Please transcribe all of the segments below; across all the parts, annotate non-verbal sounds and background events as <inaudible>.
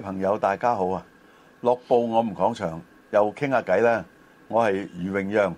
朋友大家好啊！樂報我唔講場又傾下偈啦。我係余榮讓，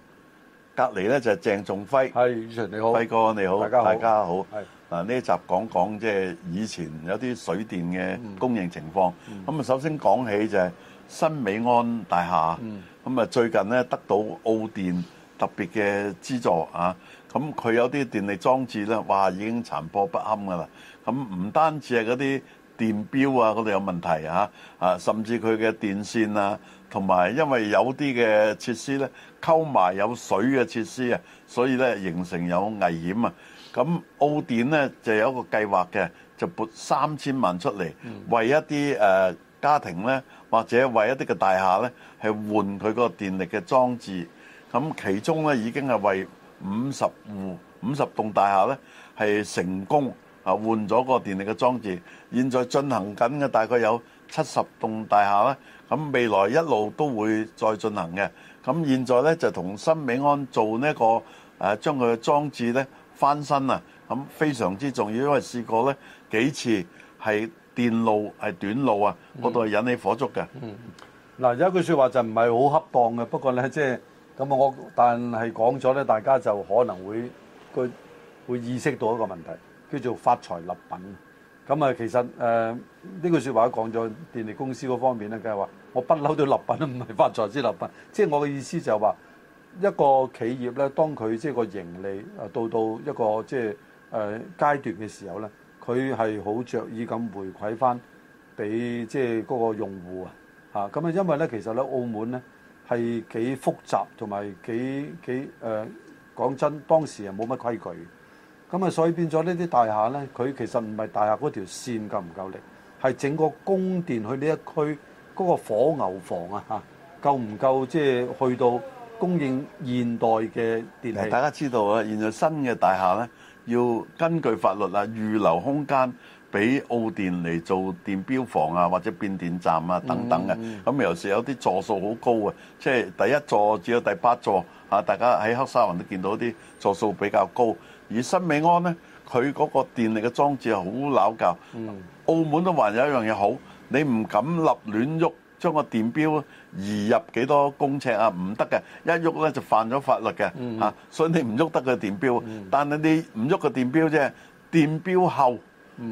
隔離咧就係鄭仲輝。係宇晨你好，輝哥你好，大家好。嗱呢一集講講即係以前有啲水電嘅供應情況。咁、嗯、啊、嗯、首先講起就係新美安大廈，咁、嗯、啊最近咧得到澳電特別嘅資助、嗯、啊。咁佢有啲電力裝置咧，哇已經殘破不堪噶啦。咁唔單止係嗰啲。電表啊，嗰度有問題啊！啊，甚至佢嘅電線啊，同埋因為有啲嘅設施咧溝埋有水嘅設施啊，所以咧形成有危險啊！咁澳電咧就有一個計劃嘅，就撥三千萬出嚟，為一啲誒家庭咧，或者為一啲嘅大廈咧，係換佢個電力嘅裝置。咁其中咧已經係為五十戶、五十棟大廈咧係成功。啊！換咗個電力嘅裝置，現在進行緊嘅大概有七十棟大廈啦。咁未來一路都會再進行嘅。咁現在呢，就同新美安做呢一個誒、啊，將佢嘅裝置呢翻新啊。咁非常之重要，因為試過呢幾次係電路係短路啊，嗰度係引起火燭嘅。嗯，嗯，嗱，有一句說話就唔係好恰當嘅，不過呢，即係咁我但係講咗呢，大家就可能會佢會意識到一個問題。叫做發財立品，咁啊，其實誒呢句說話講咗電力公司嗰方面咧，梗係話我不嬲對立品都唔係發財之立品，即係我嘅意思就係話一個企業咧，當佢即係個盈利啊到到一個即係誒階段嘅時候咧，佢係好着意咁回饋翻俾即係嗰個用戶啊嚇咁啊，因為咧其實咧澳門咧係幾複雜同埋幾幾誒講、呃、真，當時係冇乜規矩。咁啊，所以變咗呢啲大廈咧，佢其實唔係大廈嗰條線夠唔夠力，係整個供電去呢一區嗰個火牛房啊吓夠唔夠，即係去到供應現代嘅電力。大家知道啊，現在新嘅大廈咧，要根據法律啊，預留空間俾澳電嚟做電標房啊，或者變電站啊等等嘅。咁尤其是有啲座數好高啊，即係第一座至到第八座嚇，大家喺黑沙環都見到啲座數比較高。而新美安咧，佢嗰個電力嘅裝置係好扭舊。澳門都還有一樣嘢好，你唔敢立亂喐，將個電表移入幾多公尺啊？唔得嘅，一喐咧就犯咗法律嘅嚇。所以你唔喐得個電表，但係你唔喐個電表啫，電表後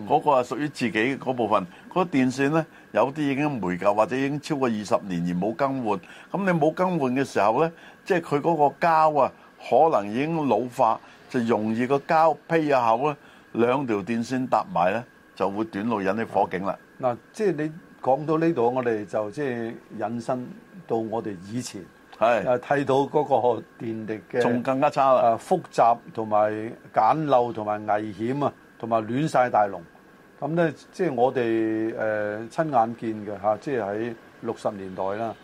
嗰個係屬於自己嗰部分嗰電線咧，有啲已經煤舊或者已經超過二十年而冇更換。咁你冇更換嘅時候咧，即係佢嗰個膠啊，可能已經老化。就容易個膠劈入口咧，兩條電線搭埋咧，就會短路引起火警啦。嗱，即係你講到呢度，我哋就即係引申到我哋以前係啊，睇到嗰個電力嘅仲更加差啊，複雜同埋簡陋同埋危險啊，同埋亂曬大龍。咁咧，即係我哋誒親眼見嘅嚇，即係喺六十年代啦。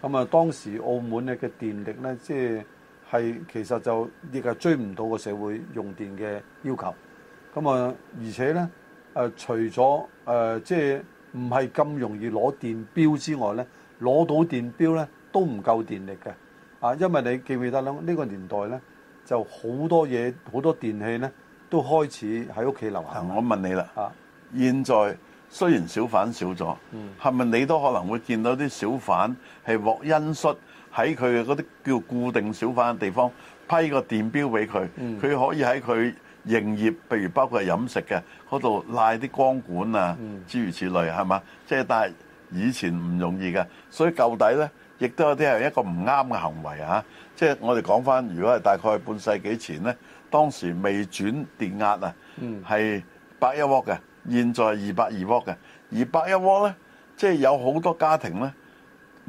咁啊，當時澳門嘅嘅電力咧，即係。係，其實就亦係追唔到個社會用電嘅要求。咁啊，而且咧，誒，除咗誒，即係唔係咁容易攞電表之外咧，攞到電表咧都唔夠電力嘅。啊，因為你記唔記得咧？呢個年代咧，就好多嘢，好多電器咧，都開始喺屋企流行。我問你啦，啊、現在雖然小販少咗，係、嗯、咪你都可能會見到啲小販係獲恩恤？喺佢嗰啲叫固定小販嘅地方批個電表俾佢，佢可以喺佢營業，譬如包括飲食嘅嗰度拉啲光管啊，諸如此類，係嘛？即係但係以前唔容易嘅，所以舊底咧亦都有啲係一個唔啱嘅行為嚇。即係我哋講翻，如果係大概半世紀前咧，當時未轉電壓啊，係百一瓦嘅，現在二百二瓦嘅，而百一瓦咧，即係有好多家庭咧。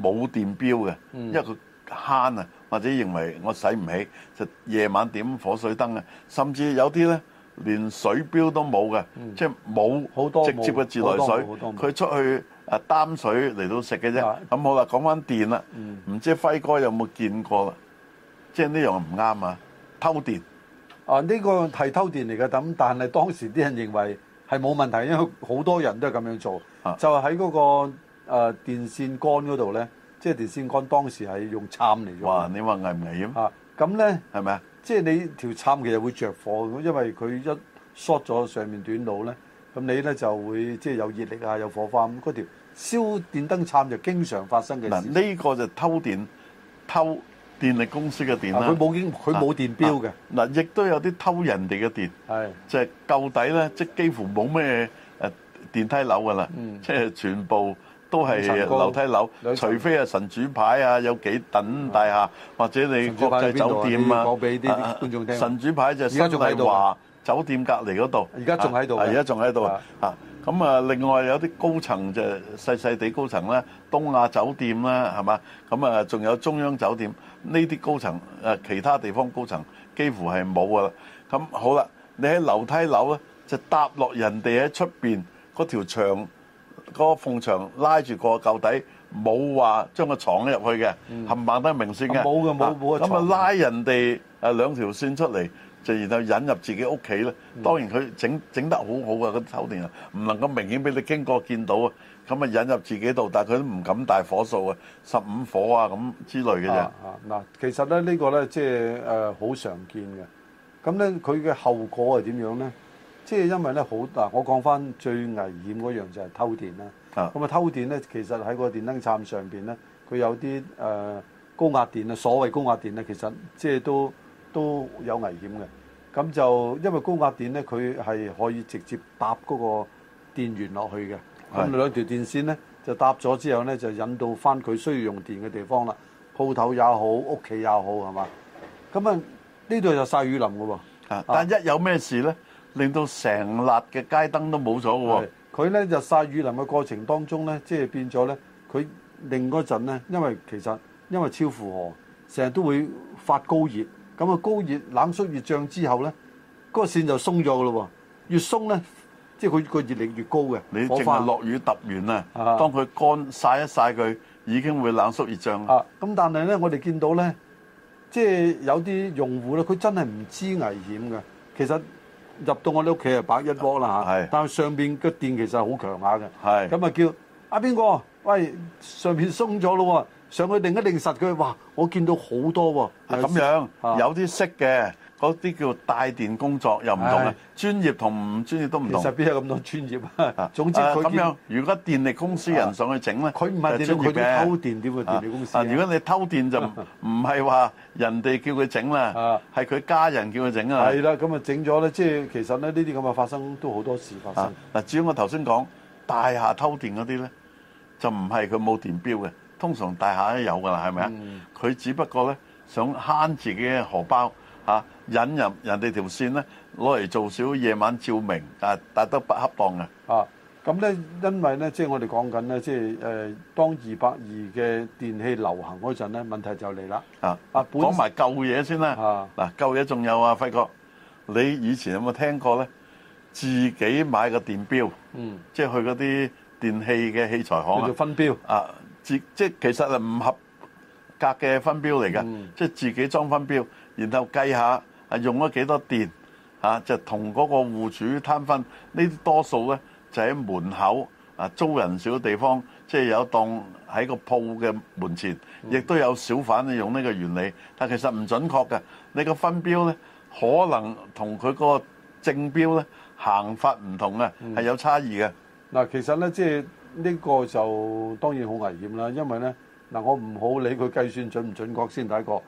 冇電表嘅，因為佢慳啊，或者認為我使唔起，就夜晚點火水燈啊，甚至有啲咧連水表都冇嘅，即係冇好多直接嘅自來水，佢出去誒擔水嚟到食嘅啫。咁好啦，講翻電啦，唔知輝哥有冇見過啦？即係呢樣唔啱啊，偷電啊！呢個係偷電嚟嘅，咁但係當時啲人認為係冇問題，因為好多人都係咁樣做，就係喺嗰個。誒、啊、電線杆嗰度咧，即係電線杆當時係用杉嚟。哇！你話危唔危險啊？咁咧係咪啊？即係你條杉其實會著火，因為佢一 short 咗上面短路咧，咁你咧就會即係有熱力啊，有火花嗰條燒電燈杉就經常發生嘅。嗱，呢個就偷電偷電力公司嘅電啦。佢、啊、冇電、啊啊、電，佢冇電錶嘅。嗱，亦都有啲偷人哋嘅電，即係舊底咧，即係幾乎冇咩電梯樓噶啦，即、嗯、係、就是、全部。都係樓梯樓，除非係神主牌啊有幾等大廈，或者你國際酒店啊。神主牌就新大華酒店隔離嗰度。而家仲喺度。而家仲喺度啊！啊咁啊，另外有啲高層就細細地高層啦，東亞酒店啦，係嘛？咁啊，仲有中央酒店呢啲高層，誒其他地方高層幾乎係冇噶啦。咁好啦，你喺樓梯樓咧就搭落人哋喺出邊嗰條牆。個鳳牆拉住個舊底，冇話將個牀入去嘅，冚唪唥都係明線嘅。冇嘅冇冇嘅。咁啊拉人哋誒兩條線出嚟，就然後引入自己屋企咧。當然佢整整得好好嘅嗰啲偷電啊，唔能夠明顯俾你經過見到啊。咁啊引入自己度，但係佢都唔敢大火數啊，十五火啊咁之類嘅啫。啊嗱，其實咧呢個咧即係誒好常見嘅。咁咧佢嘅後果係點樣咧？即係因為咧好大。我講翻最危險嗰樣就係偷電啦。咁啊偷電咧，其實喺個電燈站上邊咧，佢有啲誒、呃、高壓電啊。所謂高壓電咧，其實即係都都有危險嘅。咁就因為高壓電咧，佢係可以直接搭嗰個電源落去嘅。咁兩條電線咧就搭咗之後咧，就引到翻佢需要用電嘅地方啦。鋪頭也好，屋企也好，係嘛？咁啊呢度又曬雨淋嘅喎。但一有咩事咧？令到成笪嘅街燈都冇咗喎！佢咧就曬雨淋嘅過程當中咧，即係變咗咧，佢令嗰陣咧，因為其實因為超負荷，成日都會發高熱。咁啊，高熱冷縮熱脹之後咧，嗰個線就鬆咗噶咯喎！越鬆咧，即係佢個熱力越高嘅。你淨係落雨揼完啊，當佢乾曬一曬佢，已經會冷縮熱脹啊！咁但係咧，我哋見到咧，即係有啲用戶咧，佢真係唔知危險嘅，其實。入到我哋屋企啊，擺一窩啦嚇，但係上邊個電其實係好強下嘅，咁啊叫阿邊個，喂，上邊鬆咗咯喎，上去定一定實佢，哇我見到好多喎，咁、啊、樣、啊、有啲色嘅。嗰啲叫帶電工作又唔同啊，專業同唔專業都唔同。其實邊有咁多專業啊？總之佢咁樣，如果電力公司人上去整咧，佢唔係專業嘅。啊，佢偷電點會電力公司啊，如果你偷電就唔係話人哋叫佢整啦，係佢家人叫佢整啊。係啦，咁啊整咗咧，即係其實咧呢啲咁嘅發生都好多事發生。嗱，至於我頭先講大廈偷電嗰啲咧，就唔係佢冇電表嘅，通常大廈都有噶啦，係咪啊？佢只不過咧想慳自己嘅荷包嚇。引入人哋條線咧，攞嚟做少夜晚照明啊，但都不恰當嘅。啊，咁咧，因為咧，即係我哋講緊咧，即係誒當二百二嘅電器流行嗰陣咧，問題就嚟啦。啊，講埋舊嘢先啦。啊，嗱，舊嘢仲有啊，輝哥，你以前有冇聽過咧？自己買個電表，嗯，即係去嗰啲電器嘅器材行啊，分表啊，自即係其實係唔合格嘅分表嚟㗎，即係自己裝分表，然後計下。係用咗幾多電？嚇、啊，就同嗰個戶主攤分。呢啲多數呢，就喺門口啊，租人少嘅地方，即、就、係、是、有檔喺個鋪嘅門前，亦都有小販用呢個原理。但其實唔準確嘅，你個分標呢，可能同佢個正標呢，行法唔同啊，係有差異嘅。嗱、嗯，其實呢，即係呢個就當然好危險啦，因為呢，嗱，我唔好理佢計算準唔準確先第一個。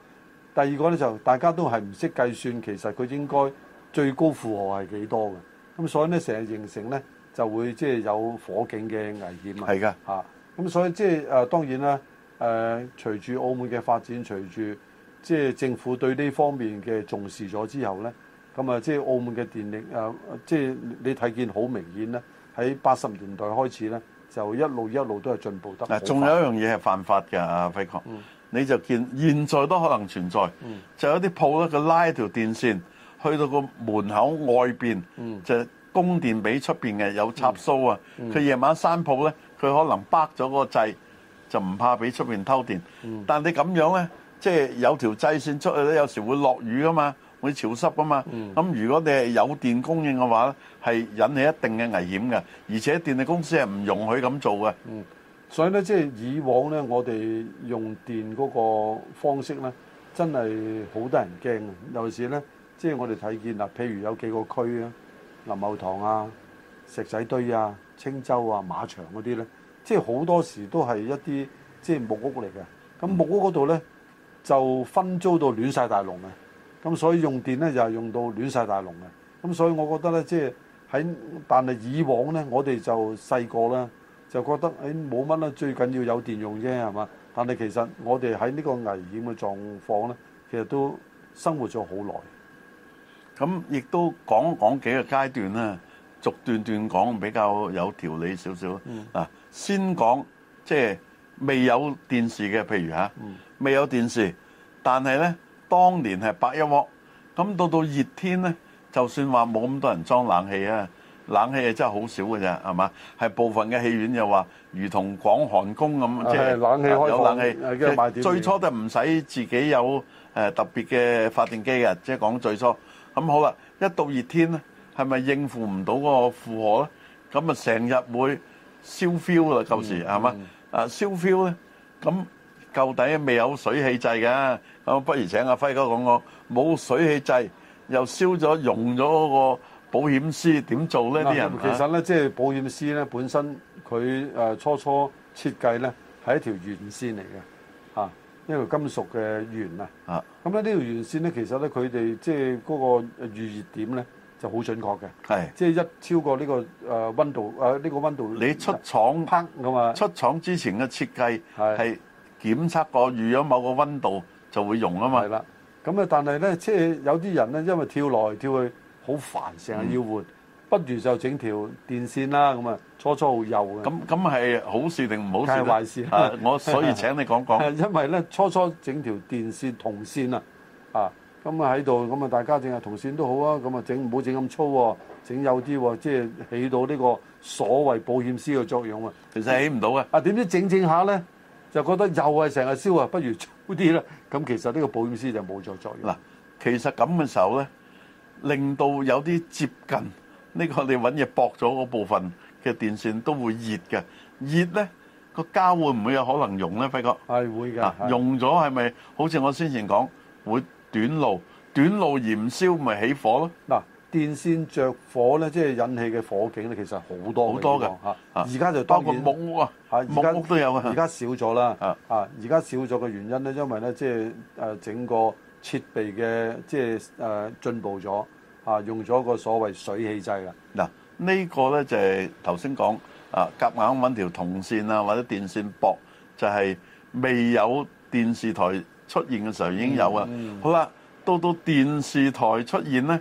第二個咧就大家都係唔識計算，其實佢應該最高負荷係幾多嘅？咁所以咧成日形成咧就會即係有火警嘅危險啊！係噶嚇，咁所以即係誒當然啦誒，隨住澳門嘅發展，隨住即係政府對呢方面嘅重視咗之後咧，咁啊即係澳門嘅電力誒即係你睇見好明顯咧，喺八十年代開始咧就一路一路都係進步得。嗱，仲有一樣嘢係犯法㗎，阿、嗯、輝你就見現在都可能存在，嗯、就有啲鋪咧，佢拉一條電線去到個門口外邊、嗯，就供電俾出邊嘅有插蘇啊。佢、嗯、夜、嗯、晚閂鋪咧，佢可能掰咗個掣，就唔怕俾出邊偷電。嗯、但你咁樣咧，即、就、係、係、有條掣線出去咧，有時候會落雨㗎嘛，會潮濕㗎嘛。咁、嗯、如果你係有電供應嘅話咧，係引起一定嘅危險嘅，而且電力公司係唔容許咁做嘅。嗯。所以咧，即係以往咧，我哋用電嗰個方式咧，真係好得人驚嘅。尤其是咧，即係我哋睇見嗱，譬如有幾個區啊，林茂塘啊、石仔堆啊、青洲啊、馬場嗰啲咧，即係好多時都係一啲即係木屋嚟嘅。咁木屋嗰度咧，就分租到亂晒大龍嘅。咁所以用電咧，就係用到亂晒大龍嘅。咁所以我覺得咧，即係喺但係以往咧，我哋就細個啦。就覺得誒冇乜啦，最緊要有電用啫，係嘛？但係其實我哋喺呢個危險嘅狀況咧，其實都生活咗好耐。咁亦都講一講幾個階段啦，逐段段講比較有條理少少。嗯，先講即係未有電視嘅，譬如吓，未有電視，但係咧，當年係白一鑊。咁到到熱天咧，就算話冇咁多人裝冷氣啊。冷氣啊，真係好少嘅啫，係嘛？係部分嘅戲院又話，如同廣寒宮咁，即係有冷氣。最初都唔使自己有誒特別嘅發電機嘅，即係講最初。咁好啦，一到熱天咧，係咪應付唔到嗰個負荷咧？咁啊，成日會燒 fuel 啦，舊時係嘛？啊，燒 fuel 咧，咁舊底未有水氣制嘅，咁不如請阿輝哥講講，冇水氣制又燒咗溶咗嗰個。保險絲點做咧？啲人其實咧，即係保險絲咧，本身佢誒初初設計咧係一條鉛線嚟嘅，嚇一條金屬嘅鉛啊。咁咧呢條鉛線咧，其實咧佢哋即係嗰個預熱點咧就好準確嘅，係即係一超過呢個誒温度誒呢個温度，你出廠崩啊嘛！出廠之前嘅設計係檢測過預咗某個温度就會融啊嘛。係啦，咁啊，但係咧，即係有啲人咧，因為跳來跳去。好煩，成日要換，不如就整條電線啦。咁啊，初初好幼嘅。咁咁係好事定唔好事？係壞事。我所以請你講講。因為咧，初初整條電線銅線啊，啊咁啊喺度，咁啊大家淨係銅線都好啊。咁啊整，唔好整咁粗，整幼啲，即係起到呢個所謂保險絲嘅作用啊。其實起唔到啊。啊點知整整下咧，就覺得又係成日燒啊，不如粗啲啦。咁其實呢個保險絲就冇咗作用。嗱，其實咁嘅時候咧。令到有啲接近呢個你搵嘢駁咗嗰部分嘅電線都會熱嘅，熱咧個膠會唔會有可能溶咧？輝哥係會㗎，溶咗係咪好似我先前講會短路？短路燃燒咪起火咯？嗱，電線着火咧，即係引起嘅火警咧，其實好多好多嘅嚇。而家就多，個木屋嚇，木屋都有嘅。而家少咗啦，啊啊！而家少咗嘅原因咧，因為咧即係誒整個設備嘅即係誒進步咗啊，用咗個所謂水氣製啦。嗱，呢個咧就係頭先講啊，夾硬揾條銅線啊，或者電線駁，就係未有電視台出現嘅時候已經有啊。好啦，到到電視台出現咧，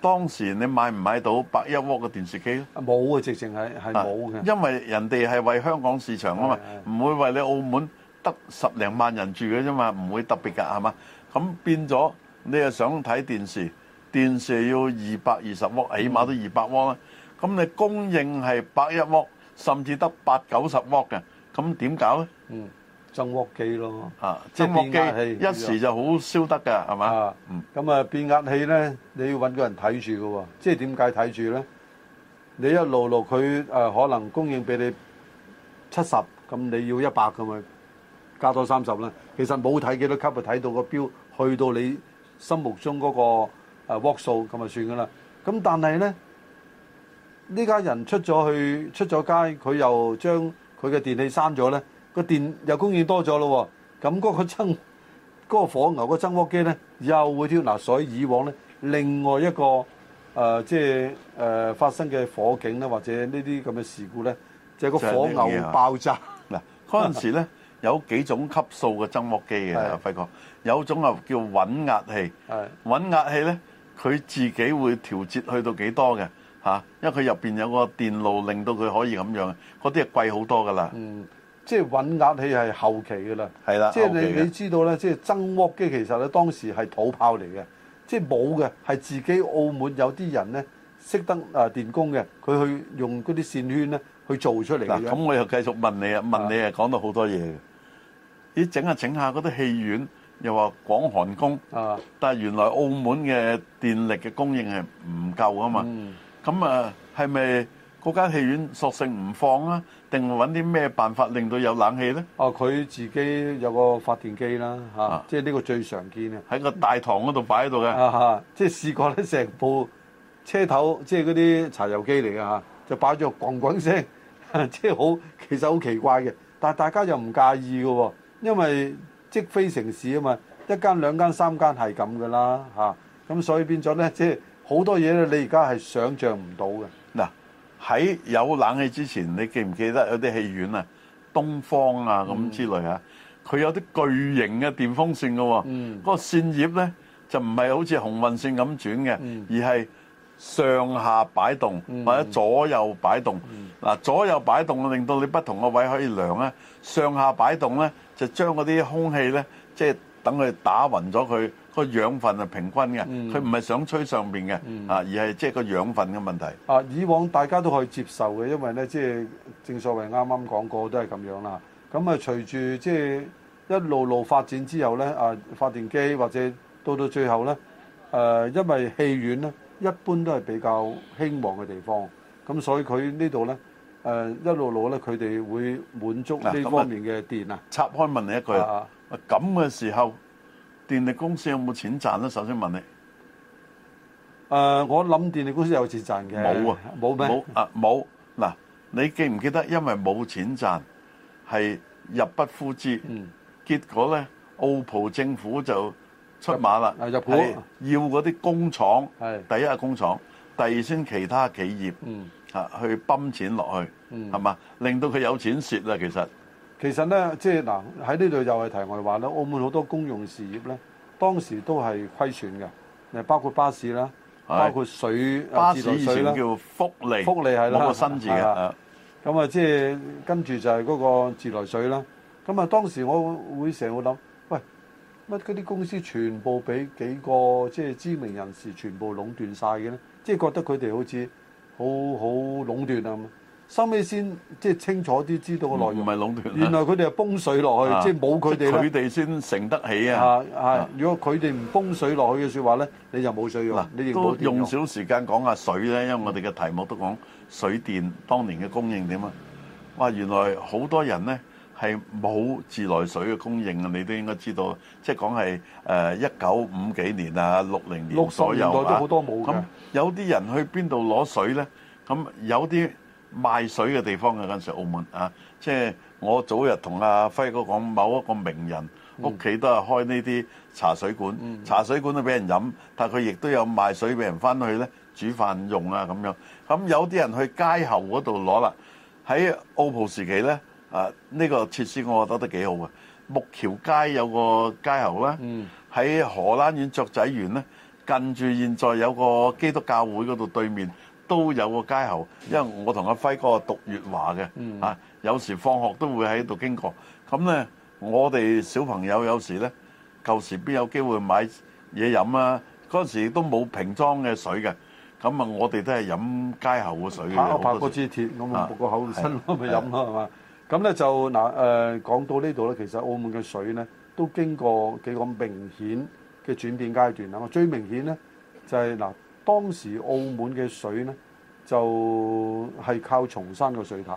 當時你買唔買到百一鍋嘅電視機咧？冇啊，直情係係冇嘅。因為人哋係為香港市場啊嘛，唔會為你澳門得十零萬人住嘅啫嘛，唔會特別㗎係嘛。咁變咗，你又想睇電視，電視要二百二十窩，起碼都二百窩啦。咁你供應係百一窩，甚至得八九十窩嘅，咁點搞咧？嗯，增窩機咯。啊，增窩機一時就好燒得嘅，係嘛？嗯。咁啊，變壓器咧，你要搵個人睇住嘅喎。即係點解睇住咧？你一路路佢誒可能供應俾你七十，咁你要一百嘅咪？加多三十啦，其實冇睇幾多級就睇到個錶去到你心目中嗰、那個誒握數咁就算噶啦。咁但係咧，呢家人出咗去出咗街，佢又將佢嘅電器閂咗咧，個電又供應多咗咯、啊。咁個增嗰、那個火牛個增握機咧又會跳嗱、啊。所以以往咧，另外一個誒、呃、即係誒、呃、發生嘅火警咧，或者呢啲咁嘅事故咧，就係、是、個火牛爆炸嗱，嗰陣、啊、 <laughs> 時咧呢。 <laughs> 有幾種級數嘅增壓機嘅，阿輝哥，有種啊叫穩壓器，穩壓器咧佢自己會調節去到幾多嘅嚇，因為佢入邊有個電路令到佢可以咁樣，嗰啲係貴好多噶啦。嗯，即係穩壓器係後期噶啦，係啦，即係你你知道咧，即係增壓機其實咧當時係土炮嚟嘅，即係冇嘅，係自己澳門有啲人咧識得啊電工嘅，佢去用嗰啲線圈咧去做出嚟。嗱，咁我又繼續問你啊，問你啊講到好多嘢。啲整下整下嗰啲戲院又話廣寒宮，但係原來澳門嘅電力嘅供應係唔夠啊嘛。咁啊係咪嗰間戲院索性唔放啊？定揾啲咩辦法令到有冷氣咧？哦，佢自己有個發電機啦，嚇，即係呢個最常見啊。喺個大堂嗰度擺喺度嘅，即係試過咧，成部車頭即係嗰啲柴油機嚟嘅嚇，就擺咗咣咣聲，即係好其實好奇怪嘅，但係大家又唔介意㗎喎。因為即非城市啊嘛，一間兩間三間係咁噶啦嚇，咁所以變咗咧，即係好多嘢咧，你而家係想像唔到嘅。嗱，喺有冷氣之前，你記唔記得有啲戲院啊，東方啊咁之類啊，佢有啲巨型嘅電風扇噶喎，嗰個扇葉咧就唔係好似鴻運扇咁轉嘅，而係。上下擺動，或者左右擺動，左右擺動的令到你不同嘅位可以量，上下擺動呢就將嗰啲空氣呢等佢打勻咗，佢個養分係平均嘅，佢唔係想吹上面嘅，而係個養分嘅問題。一般都係比較興旺嘅地方，咁所以佢呢度咧，誒一路攞咧，佢哋會滿足呢方面嘅電啊。插開問你一句，啊咁嘅時候，電力公司有冇錢賺咧？首先問你。誒，我諗電力公司有錢賺嘅。冇啊，冇咩？冇啊，冇。嗱，你記唔記得因為冇錢賺，係入不敷支，嗯，結果咧，澳葡政府就。出馬啦！要嗰啲工廠，第一個工廠，第二先其他企業嚇去泵錢落去，係嘛？令到佢有錢蝕啦，其實。其實咧，即係嗱，喺呢度又係題外話啦。澳門好多公用事業咧，當時都係虧損嘅，誒，包括巴士啦，包括水、巴士以前叫福利，福利係啦，個新字嘅。咁啊，即係跟住就係嗰個自來水啦。咁啊，當時我會成日會諗。嗰啲公司全部俾幾個即係知名人士全部壟斷晒嘅咧？即、就、係、是、覺得佢哋好似好好壟斷啊嘛！收尾先即係清楚啲，知道個內容唔係、嗯、壟斷，原來佢哋係泵水落去，啊、即係冇佢哋，佢哋先承得起啊！係、啊啊啊、如果佢哋唔泵水落去嘅説話咧，你就冇水用、啊，你哋冇電用。都用少時間講下水咧，因為我哋嘅題目都講水電當年嘅供應點啊！哇，原來好多人咧～係冇自來水嘅供應啊！你都應該知道，即係講係誒一九五幾年啊、六零年左右啊。六十年代都好多冇嘅。咁有啲人去邊度攞水咧？咁有啲賣水嘅地方嘅嗰陣時，澳門啊，即係我早日同阿輝哥講，某一個名人屋企都係開呢啲茶水館，茶水館都俾人飲，但係佢亦都有賣水俾人翻去咧煮飯用啊咁樣。咁有啲人去街後嗰度攞啦，喺澳葡時期咧。啊！呢、呢個設施我覺得都幾好嘅。木橋街有個街喉啦，喺、嗯、荷蘭園雀仔園咧，近住現在有個基督教會嗰度對面都有個街喉。因為我同阿輝哥讀粵華嘅，啊，有時放學都會喺度經過。咁咧，我哋小朋友有時咧，舊時邊有機會買嘢飲啊？嗰陣時都冇瓶裝嘅水嘅，咁啊，我哋都係飲街喉嘅水嘅。拍一支鐵，咁啊，拔個口，伸落去飲咯，係嘛？咁咧就嗱、誒、呃、講到呢度咧，其實澳門嘅水咧都經過幾個明顯嘅轉變階段啦。最明顯咧就係、是、嗱，當時澳門嘅水咧就係靠松山個水塔，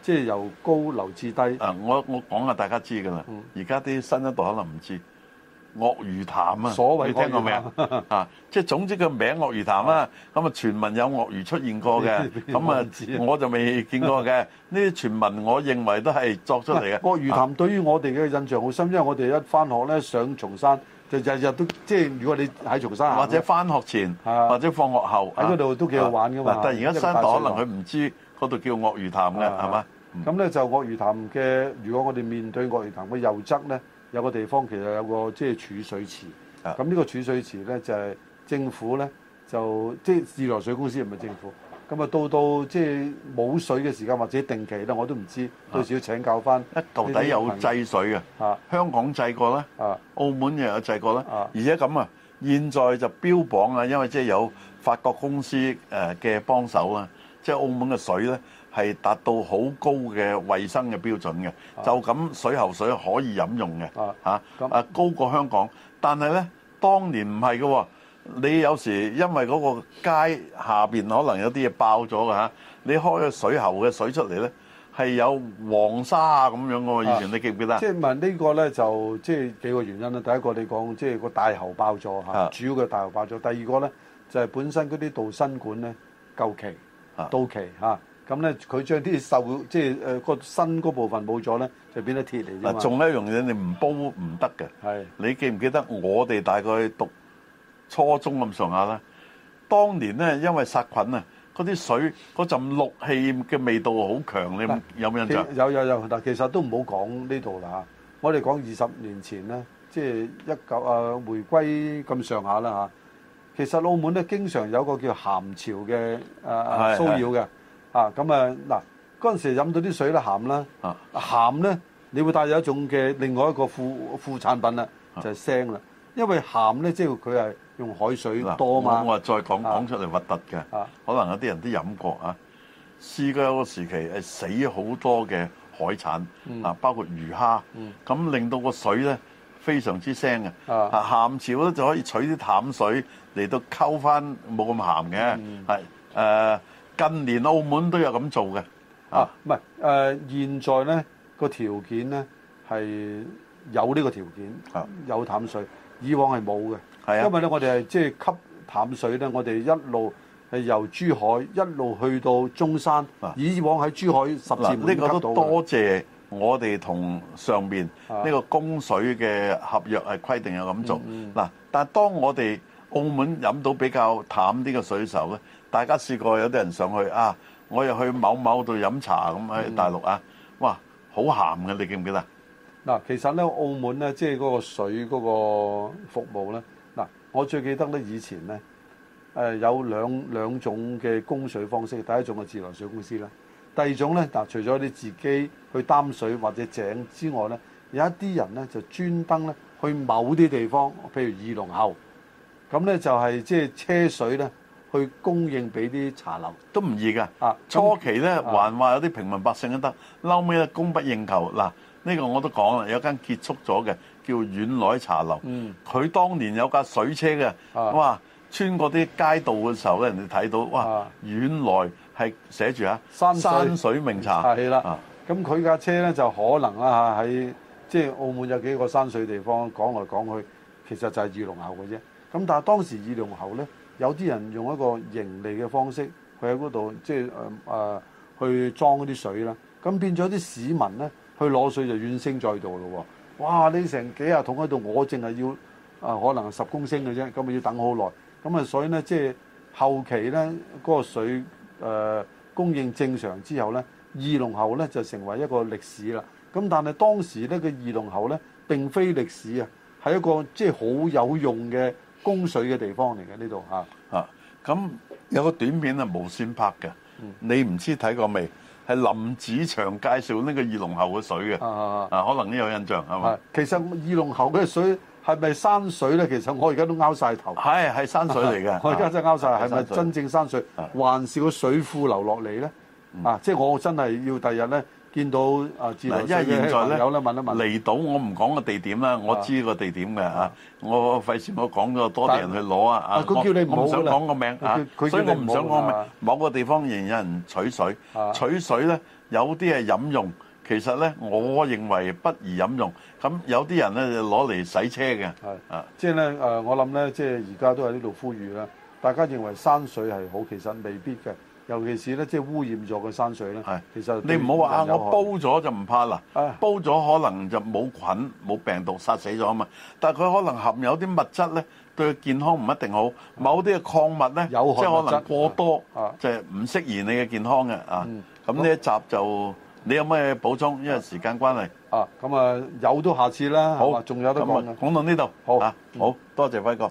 即係由高流至低。啊！我我講下大家知㗎啦，而家啲新一代可能唔知。鱷魚潭啊，你聽過未啊？啊，即係總之個名，鱷魚潭啦。咁啊，傳聞有鱷魚出現過嘅，咁啊，我就未見過嘅。呢啲傳聞，我認為都係作出嚟嘅。鱷魚潭對於我哋嘅印象好深，因為我哋一翻學咧上松山，就日日都即係如果你喺松山或者翻學前或者放學後喺嗰度都幾好玩噶嘛。突然間山仔可能佢唔知嗰度叫鱷魚潭嘅係嘛？咁咧就鱷魚潭嘅，如果我哋面對鱷魚潭嘅右側咧。有個地方其實有個即係儲水池、啊，咁呢個儲水池咧就係政府咧就即係、就是、自來水公司唔係政府，咁啊到到即係冇水嘅時間或者定期咧我都唔知，到時、啊、要請教翻。到底有製水嘅、啊？啊，香港製過啦，啊，澳門又有製過啦、啊。而且咁啊，現在就標榜啊，因為即係有法國公司誒嘅幫手啊，即、就、係、是、澳門嘅水咧。係達到好高嘅衛生嘅標準嘅，就咁水喉水可以飲用嘅啊，高過香港，但係咧，當年唔係嘅。你有時因為嗰個街下面可能有啲嘢爆咗㗎。你開咗水喉嘅水出嚟咧係有黃沙咁樣嘅。以前你記唔記得、啊？即係問個呢個咧，就即係幾個原因啦。第一個你講即係個大喉爆咗主要嘅大喉爆咗、啊。第二個咧就係、是、本身嗰啲鍍鋅管咧夠期到期，到期、啊咁咧，佢將啲瘦，即係誒個身嗰部分冇咗咧，就變咗鐵嚟。嗱，仲有一樣嘢，你唔煲唔得嘅。係。你記唔記得我哋大概讀初中咁上下咧？當年咧，因為殺菌啊，嗰啲水嗰陣氯氣嘅味道好強，你有冇印象？有有有。但，其實都唔好講呢度啦嚇。我哋講二十年前咧，即係一九啊，回歸咁上下啦嚇。其實澳門咧，經常有個叫鹹潮嘅誒騷擾嘅。啊，咁啊嗱，嗰陣時飲到啲水咧鹹啦，鹹咧、啊、你會帶有一種嘅另外一個副副產品啦，就係、是、腥啦、啊。因為鹹咧即係佢係用海水多嘛。咁我再講講、啊、出嚟核突嘅，可能有啲人都飲過啊。試過有嗰個時期係死好多嘅海產，嗱、嗯、包括魚蝦，咁、嗯、令到個水咧非常之腥嘅、啊啊。鹹潮咧就可以取啲淡水嚟到溝翻冇咁鹹嘅，係、嗯、誒。近年澳門都有咁做嘅，啊，唔係，誒、呃，現在呢，條呢個條件呢係有呢個條件，有淡水，以往係冇嘅。係啊，因為呢我哋係即係吸淡水呢，我哋一路係由珠海一路去到中山，啊、以往喺珠海十至呢個都多謝我哋同上面呢個供水嘅合約係規定有咁做。嗱、嗯嗯啊，但係當我哋澳門飲到比較淡啲嘅水嘅時候呢。大家試過有啲人上去啊，我又去某某度飲茶咁喺大陸啊，哇，好鹹嘅，你記唔記得？嗱，其實咧澳門咧，即係嗰個水嗰個服務咧，嗱，我最記得咧以前咧，誒有兩兩種嘅供水方式，第一種係自來水公司啦，第二種咧嗱，除咗你自己去擔水或者井之外咧，有一啲人咧就專登咧去某啲地方，譬如二龍喉，咁咧就係即係車水咧。去供應俾啲茶樓都唔易㗎。初期咧還話有啲平民百姓都得，後尾咧供不應求。嗱，呢個我都講啦，有間結束咗嘅叫遠來茶樓。佢當年有架水車嘅，哇！穿過啲街道嘅時候咧，人哋睇到哇，遠來係寫住啊山山水名茶。係啦，咁佢架車咧就可能啦嚇喺，即係澳門有幾個山水地方？講來講去，其實就係二龍喉嘅啫。咁但係當時二龍喉咧。有啲人用一個盈利嘅方式去、就是呃，去喺嗰度即係誒誒去裝嗰啲水啦，咁變咗啲市民呢，去攞水就怨聲載道咯喎！哇，你成幾啊桶喺度，我淨係要啊、呃、可能十公升嘅啫，咁咪要等好耐，咁啊所以呢，即、就、係、是、後期呢，嗰、那個水誒、呃、供應正常之後呢，二龍喉呢就成為一個歷史啦。咁但係當時呢，個二龍喉呢，並非歷史啊，係一個即係好有用嘅。.供水嘅地方嚟嘅，呢度咁有個短片係無線拍嘅，嗯，你唔知睇過未？係林子祥介紹呢個二龍喉嘅水嘅，啊，啊可能呢有印象係嘛，啊？其實二龍喉嘅水係咪山水咧？其實我而家都拗晒頭。係，係山水嚟嘅，啊，我而家真係拗晒，係咪真正山水？係，係山水還是個水庫流落嚟咧？啊，即係我真係要第日咧。見到啊！因為現在咧，有得問一問。嚟到我唔講個地點啦，我知個地點嘅嚇，我費事我講咗多啲人去攞啊！啊，佢叫你唔好啦。唔想講個名啊，所以我唔想講名。某個地方仍然有人取水，取水咧，有啲係飲用，其實咧我認為不宜飲用。咁有啲人咧就攞嚟洗車嘅。係啊，即係咧誒，我諗咧，即係而家都喺呢度呼籲啦。大家認為山水係好，其實未必嘅。尤其是咧，即係污染咗嘅山水咧。係，其實你唔好話啊，我煲咗就唔怕啦、哎。煲咗可能就冇菌、冇病毒殺死咗啊嘛。但佢可能含有啲物質咧，對健康唔一定好。哎、某啲嘅礦物咧，有害物質、即可能過多，哎、就係、是、唔適宜你嘅健康嘅、嗯、啊。咁、嗯、呢一集就你有咩補充？因為時間關係。啊，咁啊有都下次啦。好，仲有得講啊。講到呢度。好啊，好、嗯、多謝輝哥。